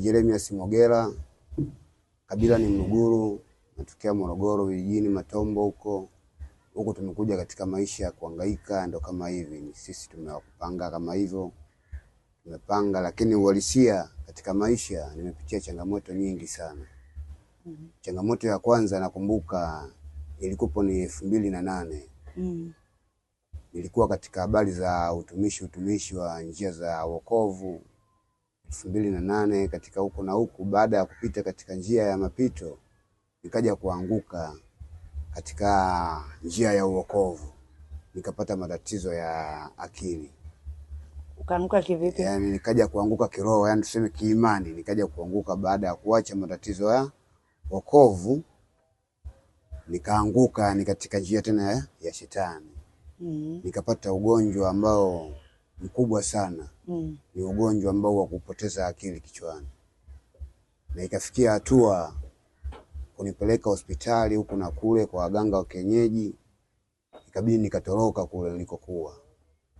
Jeremias Mogera, kabila ni Mnuguru, natokea Morogoro vijijini Matombo huko. Huko tumekuja katika maisha ya kuhangaika, ndo kama hivi, ni sisi tumewakupanga kama hivyo, tumepanga. Lakini uhalisia katika maisha, nimepitia changamoto nyingi sana. mm -hmm. Changamoto ya kwanza nakumbuka ilikuwa ni elfu mbili na nane. mm. Nilikuwa katika habari za utumishi utumishi wa njia za wokovu elfu mbili na nane katika huko na huku, baada ya kupita katika njia ya mapito nikaja kuanguka katika njia ya uokovu, nikapata matatizo ya akili. Ukaanguka kivipi? Yani, nikaja kuanguka kiroho, yani tuseme kiimani, nikaja kuanguka baada ya kuacha matatizo ya wokovu, nikaanguka ni katika njia tena ya shetani mm -hmm. nikapata ugonjwa ambao mkubwa sana mm. Ni ugonjwa ambao wa kupoteza akili kichwani, na ikafikia hatua kunipeleka hospitali huku na kule kwa waganga wa kienyeji, ikabidi nikatoroka kule nilikokuwa.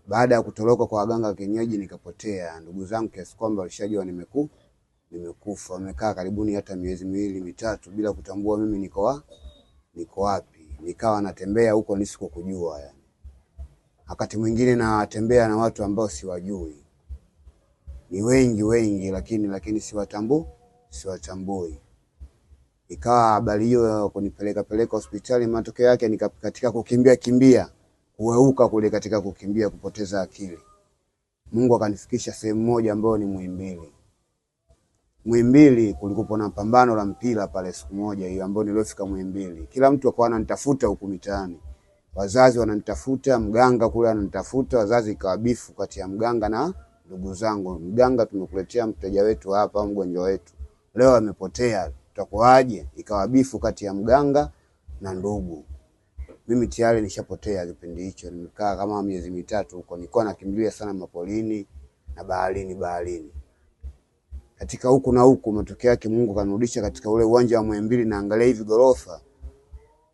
Baada ya kutoroka kwa waganga wa kienyeji, nikapotea. Ndugu zangu kiasi kwamba walishajua nimeku nimekufa, wamekaa karibuni hata miezi miwili mitatu bila kutambua mimi niko niko wapi. Nikawa natembea huko nisikokujua yani wakati mwingine natembea na watu ambao siwajui, ni wengi wengi, lakini lakini siwatambu siwatambui. Ikawa habari hiyo kunipeleka peleka hospitali, matokeo yake ni katika kukimbia kimbia kuweuka kule, katika kukimbia kupoteza akili, Mungu akanifikisha sehemu moja ambayo ni Muhimbili. Muhimbili kulikupo na pambano la mpira pale siku moja hiyo ambayo niliofika Muhimbili, kila mtu akawa ananitafuta huku mitaani wazazi wananitafuta, mganga kule ananitafuta, wazazi ikawa bifu kati ya mganga na ndugu zangu. Mganga, tumekuletea mteja wetu hapa, mgonjwa wetu leo amepotea, tutakuaje? Ikawa bifu kati ya mganga na ndugu. Mimi tayari nishapotea kipindi hicho, nimekaa kama miezi mitatu huko, nilikuwa nakimbilia sana mapolini na baharini, baharini katika huku na huku. Matokeo yake Mungu kanirudisha katika ule uwanja wa Muhimbili, angalia hivi gorofa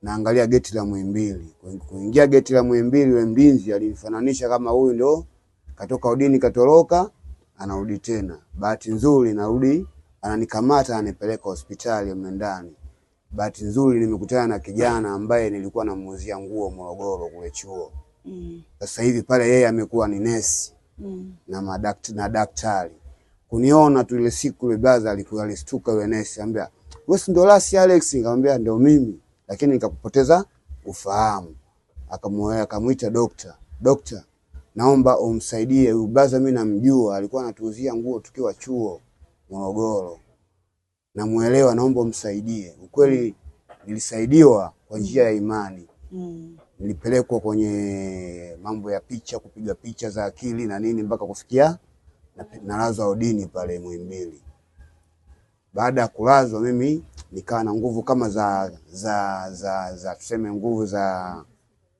naangalia geti la Muhimbili. Kuingia geti la Muhimbili, Wembinzi alifananisha kama huyu ndo katoka udini, katoroka, anarudi tena. Bahati nzuri narudi, ananikamata anipeleka hospitali ya ndani. Bahati nzuri nimekutana na kijana ambaye nilikuwa namuuzia nguo Morogoro kule chuo. Mm. Sasa hivi pale yeye amekuwa ni nesi mm. na na daktari. Kuniona tu ile siku ile brother alikuwa alistuka yule nesi, anambia, "Wewe ndo Lasi Alex?" Nikamwambia, "Ndio mimi." lakini nikakupoteza ufahamu. Akamwita dokta, dokta, naomba umsaidie huyu baza, mimi namjua, alikuwa anatuuzia nguo tukiwa chuo Morogoro, namuelewa, naomba umsaidie. Ukweli nilisaidiwa kwa njia ya imani mm. Nilipelekwa kwenye mambo ya picha, kupiga picha za akili na nini, mpaka kufikia na nalazwa odini pale Muhimbili. Baada ya kulazwa mimi nikawa na nguvu kama za za za, za tuseme nguvu za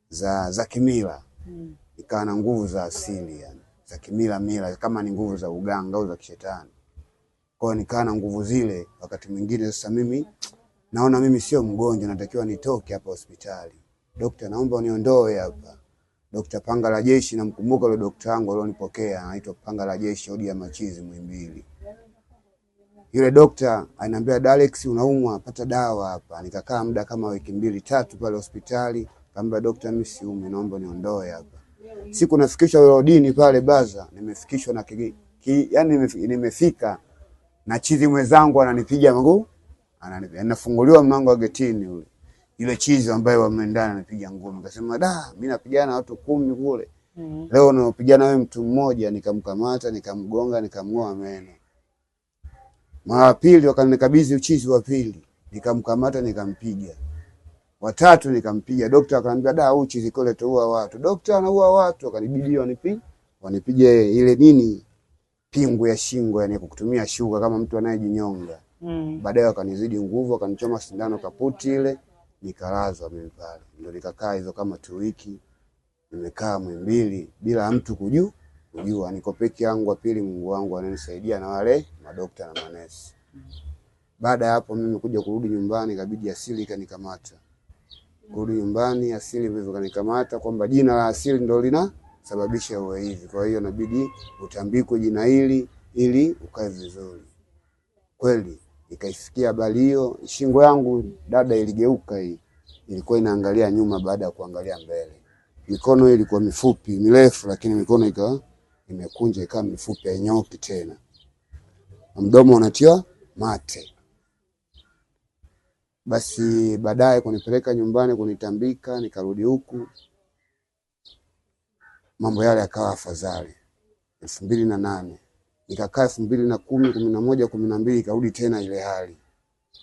za za kimila hmm. Nikawa na nguvu za asili yani, za kimila mila, kama ni nguvu za uganga au za kishetani. Kwa hiyo nikawa na nguvu zile. Wakati mwingine sasa mimi naona mimi sio mgonjwa, natakiwa nitoke hapa hospitali. Dokta, naomba uniondoe hapa. Dokta Panga la Jeshi, namkumbuka yule dokta wangu alionipokea, anaitwa Panga la Jeshi Odi ya Machizi Mwimbili yule dokta ananiambia Dalex, unaumwa, pata dawa hapa. Nikakaa muda kama wiki mbili tatu pale hospitali, kaambia dokta, mimi siumi, naomba niondoe hapa. Siku nafikishwa rodini pale Baza, nimefikishwa na ki, ki, yani nimefika na chizi mwenzangu ananipiga mguu, anafunguliwa mlango wa getini ule. ile chizi ambayo wameendana anapiga ngumi. Nikasema da, mimi napigana na watu kumi kule. Mm -hmm. Leo napigana wewe mtu mmoja, nikamkamata, nikamgonga, nikamng'oa meno. Mara pili wakanikabidhi uchizi wa pili, nikamkamata nikampiga. Watatu nikampiga. Dokta akaniambia da, huu uchizi kule tuua watu. Dokta anaua watu, akanibidi wanipige wanipige ile nini pingu ya shingo, yani kutumia shuka kama mtu anayejinyonga. Mm. Baadaye wakanizidi nguvu, wakanichoma sindano kaputi ile, nikalazwa mimi pale. Ndio nikakaa hizo kama tu wiki. Nimekaa Muhimbili bila mtu kujua kujua niko peke yangu, wa pili Mungu wangu ananisaidia na wale madokta na manesi. Baada ya hapo mimi kuja kurudi nyumbani, ikabidi Asili ikanikamata. Kurudi nyumbani, Asili vivyo kanikamata kwamba jina la Asili ndio linasababisha uwe hivi, kwa hiyo inabidi utambikwe jina hili ili ukae vizuri. Kweli ikaifikia habari hiyo, shingo yangu dada iligeuka, hii ilikuwa inaangalia nyuma baada ya kuangalia mbele. Mikono ilikuwa mifupi mirefu, lakini mikono ikawa imekunja ikawa mifupi hainyoki tena, na mdomo unatiwa mate. Basi baadaye kunipeleka nyumbani kunitambika, nikarudi huku, mambo yale yakawa afadhali. elfu mbili na nane nikakaa elfu mbili na kumi kumi na moja kumi na mbili ikarudi tena ile hali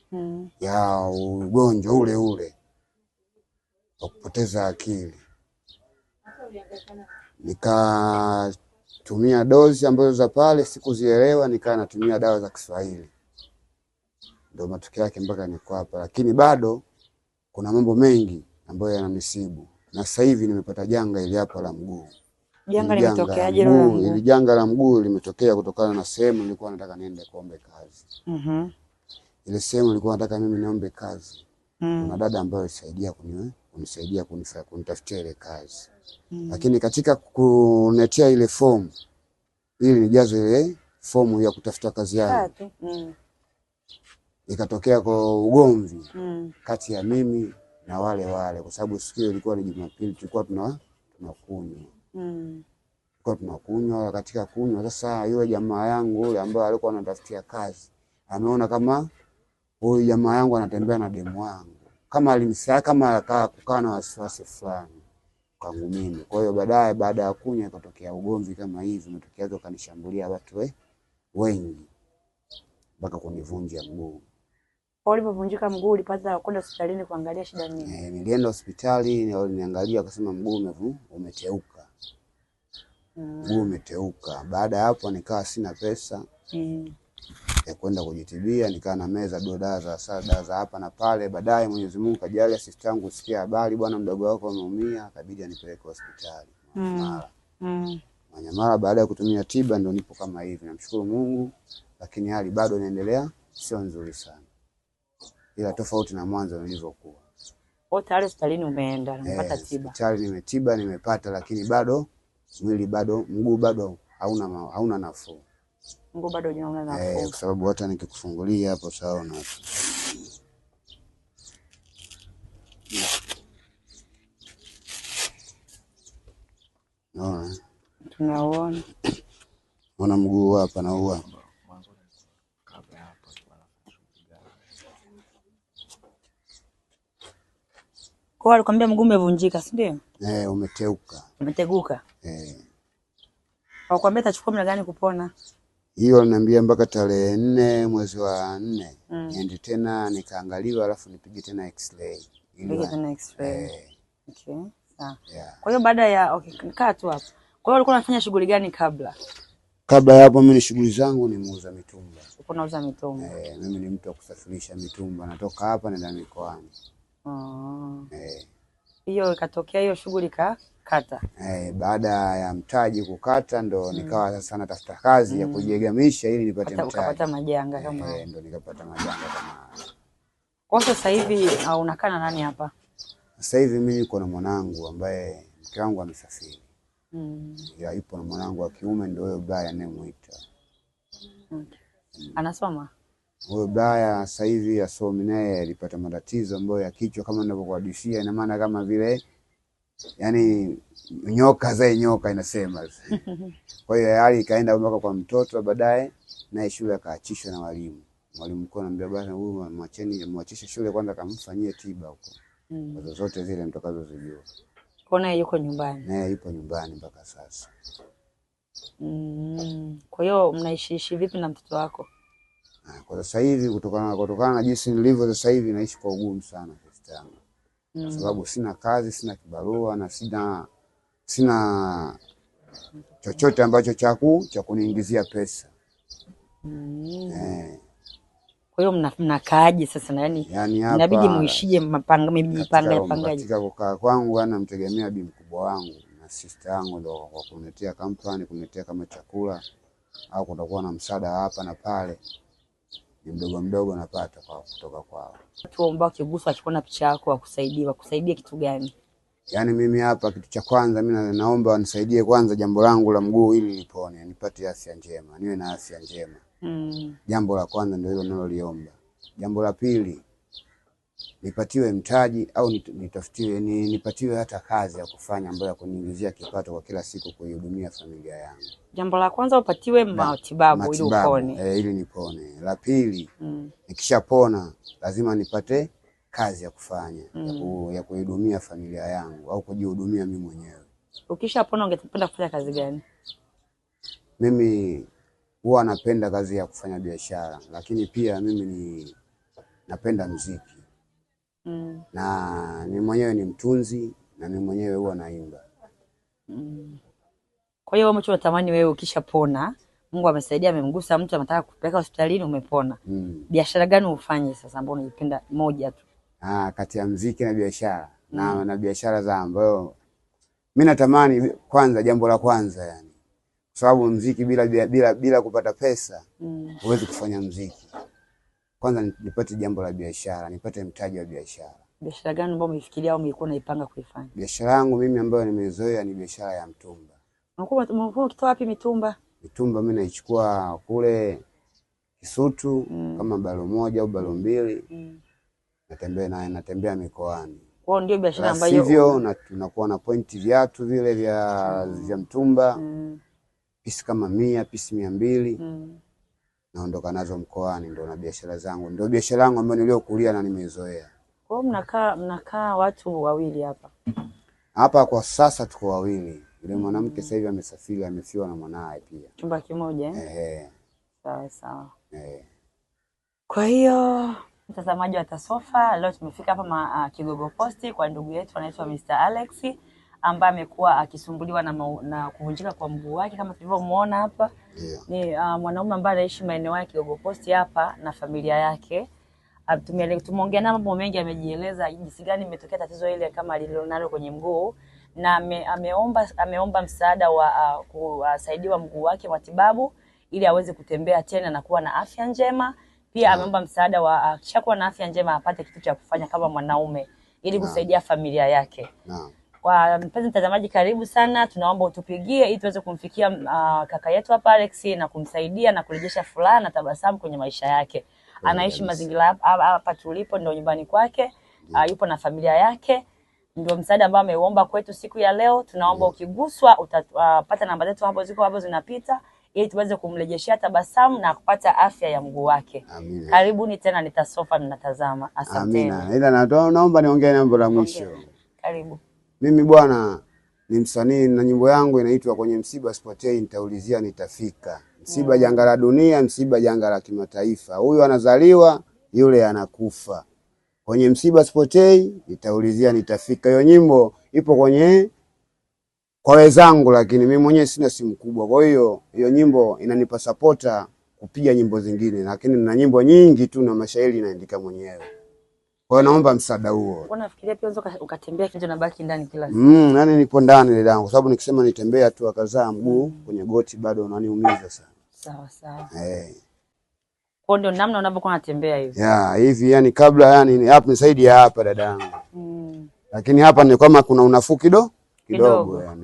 hmm, ya ugonjwa ule ule wa kupoteza akili nika tumia dozi ambazo za pale sikuzielewa, nikaa natumia dawa za Kiswahili, ndio matokeo yake mpaka niko hapa. Lakini bado kuna mambo mengi ambayo yananisibu, na sasa hivi nimepata janga ili hapa la mguu. Janga limetokeaje? Ili janga la mguu limetokea kutokana na sehemu nilikuwa nataka niende kuombe kazi. Mhm, ile sehemu nilikuwa nataka mimi niombe kazi, kuna mm. dada ambayo alisaidia kuniwe kunisaidia kunifaa kunitafutia ile kazi mm. Lakini katika kunetea ile fomu ili nijaze ile fomu ya kutafuta kazi yangu mm. Ikatokea kwa ugomvi mm. kati ya mimi na wale wale, kwa sababu siku hiyo ilikuwa ni Jumapili, tulikuwa tuna tunakunywa mm. tulikuwa tunakunywa. Katika kunywa sasa, yule jamaa yangu yule ambaye alikuwa anatafutia kazi ameona kama huyu jamaa yangu anatembea na demu wangu kama alimsaa kama akaa kukaa na wasiwasi fulani kwangu mimi. Kwa hiyo baadaye, baada ya kunywa ikatokea ugomvi kama hivi, matokeo yake wakanishambulia watu we, wengi mpaka kunivunja mguu. Ulipovunjika mguu ulipata kwenda hospitalini kuangalia shida nini? Eh, nilienda hospitali na waliniangalia, wakasema mguu umevu umeteuka. Mm. Mguu mm. umeteuka. Baada ya hapo nikawa sina pesa. Mm ya kwenda kujitibia, nikaa na meza do dawa za sasa za hapa na pale. Baadaye Mwenyezi Mungu kajalia sister yangu sikia habari, bwana mdogo wako ameumia, akabidi anipeleke hospitali Manyamara. Mm. mm. Manyamara baada ya kutumia tiba ndio nipo kama hivi. Namshukuru Mungu, lakini hali bado inaendelea sio nzuri sana. Ila tofauti na mwanzo nilivyokuwa. Wewe tayari hospitalini umeenda, na umepata eh, tiba. Tayari nimetiba, nimepata lakini bado mwili bado mguu bado hauna hauna nafuu. Mungu bado hujaona nafuu. Eh, kwa sababu hata nikikufungulia hapo sawa na Naona. Eh? Tunauona. mguu hapa na huu Kwa alikwambia mguu umevunjika, si ndio? Eh, umeteuka. Umeteguka. Eh. Alikwambia atachukua muda gani kupona? hiyo waliniambia mpaka tarehe nne mwezi wa nne mm. niende tena nikaangaliwa, alafu nipige tena x-ray. Nipige tena x-ray. Eh. Okay. Yeah. Kwa hiyo baada ya okay, kaa tu hapo. Kwa hiyo ulikuwa unafanya shughuli gani kabla? Kabla ya hapo, mimi ni shughuli zangu ni muuza mitumba. Uko nauza mitumba? Eh, mimi ni mtu wa kusafirisha mitumba, natoka hapa naenda mikoani. Oh. Eh. Hiyo ikatokea hiyo shughuli ka kukata. Eh, baada ya mtaji kukata ndo mm. nikawa sasa natafuta kazi mm. ya hmm. kujiegamisha ili nipate mtaji. Ukapata majanga eh, kama eh, ndo nikapata majanga kama. Kwa sasa hivi ah, unakaa na nani hapa? Sasa hivi mimi niko na mwanangu ambaye mke wangu amesafiri. Mm. Ya ipo na mwanangu wa kiume ndio huyo Brian anayemuita. Mm. Hmm. Anasoma? Huyo baya sasa hivi asomi naye alipata matatizo ambayo ya kichwa kama ninavyokuhadisia, ina maana kama vile yani nyoka zae nyoka inasema. Kwa hiyo hali ikaenda mpaka kwa mtoto, baadaye naye shule akaachishwa na walimu. Mwalimu mkuu anamwambia bwana, huyu mwacheni, mwachishe shule kwanza, kamfanyie tiba huko mm. zozote zile mtakazo zijua. Kona yuko nyumbani, naye yuko nyumbani mpaka sasa mm. Kwa hiyo mnaishiishi vipi na mtoto wako? Ah, kwa sasa hivi, kutokana kutokana na jinsi nilivyo sasa hivi, naishi kwa ugumu sana, sister yangu mm. kwa sababu sina kazi, sina kibarua na sina sina chochote ambacho chaku cha kuniingizia pesa mm. eh. Kwa hiyo mnakaaje sasa na yani, inabidi muishije mipanga Katika kukaa kwangu ana mtegemea bi mkubwa wangu na sister yangu ndio kwa kunetea kampani, kunetea kama chakula au kutakuwa na msaada hapa na pale ni mdogo mdogo napata kwa kutoka kwao. Watu waomba wakigusa, wachukua na picha yako, wakusaidie, wakusaidie kitu gani? Yaani mimi hapa, kitu cha kwanza mimi naomba wanisaidie kwanza jambo langu la mguu ili nipone, nipate afya njema, niwe na afya njema mm. Jambo la kwanza ndio hilo naloliomba Jambo la pili nipatiwe mtaji au nitafutiwe, nipatiwe hata kazi ya kufanya ambayo ya kuniingizia kipato kwa kila siku kuihudumia familia yangu. Jambo la kwanza upatiwe matibabu ili upone. Eh, ili nipone. La pili, mm. nikishapona lazima nipate kazi ya kufanya mm. ya kuihudumia familia yangu au kujihudumia mimi mwenyewe. Ukishapona ungependa kufanya kazi gani? Mimi huwa napenda kazi ya kufanya biashara, lakini pia mimi ni napenda mziki Mm. na mimi mwenyewe ni mtunzi na mimi mwenyewe huwa naimba mm. Kwa hiyo ambacho unatamani wewe ukishapona, Mungu amesaidia, amemgusa mtu, anataka kupeleka hospitalini, umepona mm. biashara gani ufanye sasa, ambayo unaipenda? Moja tu ah, kati ya mziki na biashara mm. na, na biashara za ambayo mimi natamani, kwanza, jambo la kwanza yani, kwa sababu mziki bila, bila, bila kupata pesa mm. huwezi kufanya mziki kwanza nipate jambo la biashara, nipate mtaji wa biashara. Biashara gani ambayo umeifikiria au umekuwa unaipanga kuifanya? Biashara yangu mimi ambayo nimezoea ni biashara ya mtumba. Umekuwa ukitoa wapi mitumba? Mitumba mimi naichukua kule Kisutu mm. kama balo moja au balo mbili mm. natembea na natembea mikoani. Kwa ndio biashara ambayo hivyo tunakuwa na pointi viatu vile vya, mm. vya mtumba mm. pisi kama mia pisi mia mbili mm naondoka nazo mkoani, ndo na biashara zangu, ndo biashara yangu ambayo niliokulia na nimezoea. Kwa hiyo mnakaa mnakaa watu wawili hapa hapa? Kwa sasa tuko wawili, yule mwanamke sasa hivi amesafiri, amefiwa na mwanaye pia. Chumba kimoja eh? Eh, sawa sawa. Eh, kwa hiyo mtazamaji wa Tasofa, leo tumefika hapa ah, Kigogo Posti kwa ndugu yetu anaitwa Mr Alex ambaye amekuwa akisumbuliwa na, na kuvunjika kwa mguu wake kama tulivyomuona hapa yeah. Ni uh, mwanaume ambaye anaishi maeneo ya Kigogo Posti hapa na familia yake. Uh, tumeongea naye mambo mengi, amejieleza jinsi gani imetokea tatizo ile kama alilonalo kwenye mguu na ame, ameomba, ameomba msaada wa uh, kusaidiwa mguu wake matibabu ili aweze kutembea tena na kuwa na afya njema. Pia yeah. ameomba msaada wa uh, kishakuwa na afya njema apate kitu cha kufanya kama mwanaume ili kusaidia familia yake. Naam. Kwa mpenzi mtazamaji, karibu sana, tunaomba utupigie ili tuweze kumfikia uh, kaka yetu hapa Alex na kumsaidia na kurejesha furaha na tabasamu kwenye maisha yake. Anaishi mazingira hapa tulipo, ndio nyumbani kwake. Uh, yupo na familia yake ndio msaada ambao ameuomba kwetu siku ya leo. Tunaomba mm. ukiguswa utapata ah, uh, namba zetu hapo ziko hapo zinapita, ili tuweze kumrejeshea tabasamu na kupata afya ya mguu wake. Amina. Karibuni tena, nitasofa ninatazama. Asanteni. Amina. Ila naomba niongee jambo la mwisho. Karibu. Mimi bwana ni msanii na nyimbo yangu inaitwa kwenye msiba sipotei, nitaulizia nitafika. Msiba mm. janga la dunia, msiba janga la kimataifa. Huyu anazaliwa, yule anakufa. Kwenye msiba sipotei, nitaulizia nitafika. Hiyo nyimbo ipo kwenye kwa wenzangu, lakini mimi mwenyewe sina simu kubwa, kwa hiyo hiyo nyimbo inanipa sapota kupiga nyimbo zingine, lakini na nyimbo nyingi tu na mashairi naandika mwenyewe. Kwa hiyo naomba msaada huo. Unafikiria pia unaweza ukatembea kinje na baki ndani kila siku? Mm, yani nipo ndani ile dangu, sababu nikisema nitembea tu akazaa mguu mm, kwenye goti bado unaniumiza sana. Sawa sawa. Eh. Hey. Kwa ndio namna unavyokuwa unatembea hivi. Ya, yeah, hivi yani kabla yani hapa ni saidi ya hapa dadangu. Mm. Lakini hapa ni kama kuna unafuu kido kidogo yani.